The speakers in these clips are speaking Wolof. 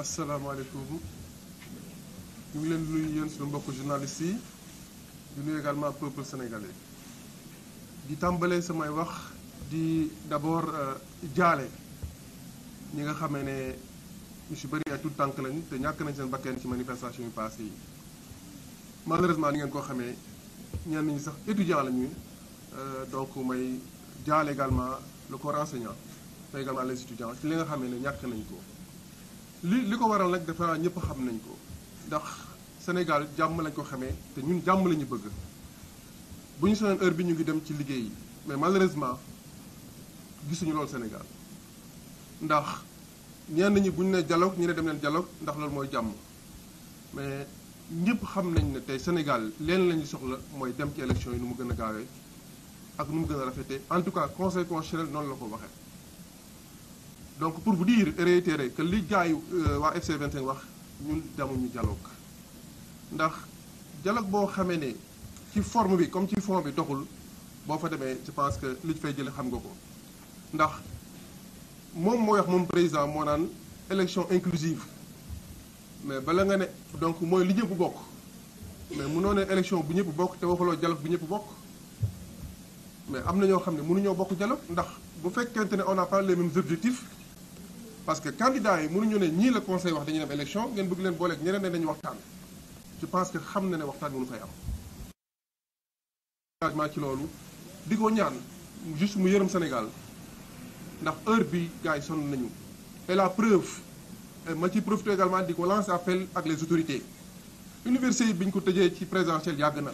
asalaamaaleykum ñu ngi leen nuyu yéen suñu mbokk journaliste yi di nuyu également peuple sénégalais di tàmbalee samay wax di d'abord euh, jaale ñi nga xamee ne ñu si bëri ay tout tànk lañ te ñàkk nañ seen bakkeen ci manifestation yu passé yi malheureusement ni ngeen koo xamee ñenn ñi sax étudiant la ñuy euh, donc may jaale également le corps enseignant te également les étudiants ci li nga xamee ne ñàkk nañ ko li li ko waral nag dafa ñëpp xam nañ ko ndax Sénégal jàmm lañ ko xamee te ñun jàmm la ñu bëgg bu ñu soneen heure bi ñu ngi dem ci liggéey yi mais malheureusement gisuñu loolu Sénégal ndax ñenn ñi bu ñu nee dialogue ñu ne dem leen dialogue ndax loolu mooy jàmm mais ñëpp xam nañ ne tey Sénégal leen la ñu soxla mooy dem ci élection yi nu mu gën a gaawee ak nu mu gën a rafetee en tout cas conseil noonu la ko waxee. donc pour vous dire et réitérer que li gars yi euh, waa FC 21 wax ñu demuñu dialogue ndax dialogue boo xamee ne ci forme bi comme ci fond bi doxul boo fa demee je pense que li fay jële xam nga ko ndax moom mooy wax moom président moo naan élection inclusive mais bala nga ne donc mooy li ñëpp bokk mais mënoo ne élection bu ñëpp bokk te waxuloo dialogue bu ñëpp bokk mais am na ñoo xam ne mënuñoo bokk dialogue ndax bu fekkente ne on n'a pas les mêmes objectifs parce que candidat yi mënuñu ne ñii la conseil wax dañuy dem élection ngeen bëgg leen booleeg ñeneen ne dañu waxtaan je pense que xam na ne waxtaan mënu fay am engagement ci loolu di ko ñaan juste mu yërëm Sénégal ndax heure bi gars yi sonn nañu et la preuve ma ci profité également di ko lancer appel ak les autorités université yi bi ñu ko tëjee ci présentiel yàgg na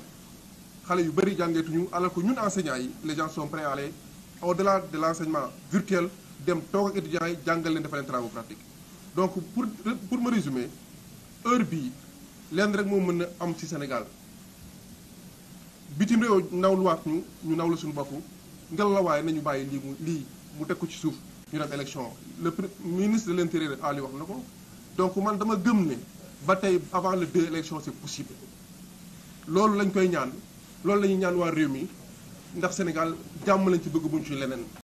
xale yu bëri ñu alors ko ñun enseignants yi les gens sont prêts à aller au delà de l' enseignement virtuel dem toog ak étudiants yi jàngal leen dafa leen donc pour pour ma résumer heure bii lenn rek moo mën a am ci Sénégal bitim réew nawluwaat ñu ñu naw la suñu bopp ngelawaay nañu bàyyi lii mu lii mu teg ko ci suuf ñu dem élection le ministre de l' intérieur Ali wax na ko donc man dama gëm ne ba tey avant le deux élection c' possible loolu lañ koy ñaan loolu la ñaan waa réew mi ndax Sénégal jàmm lañ ci bëgg buñ ci leneen.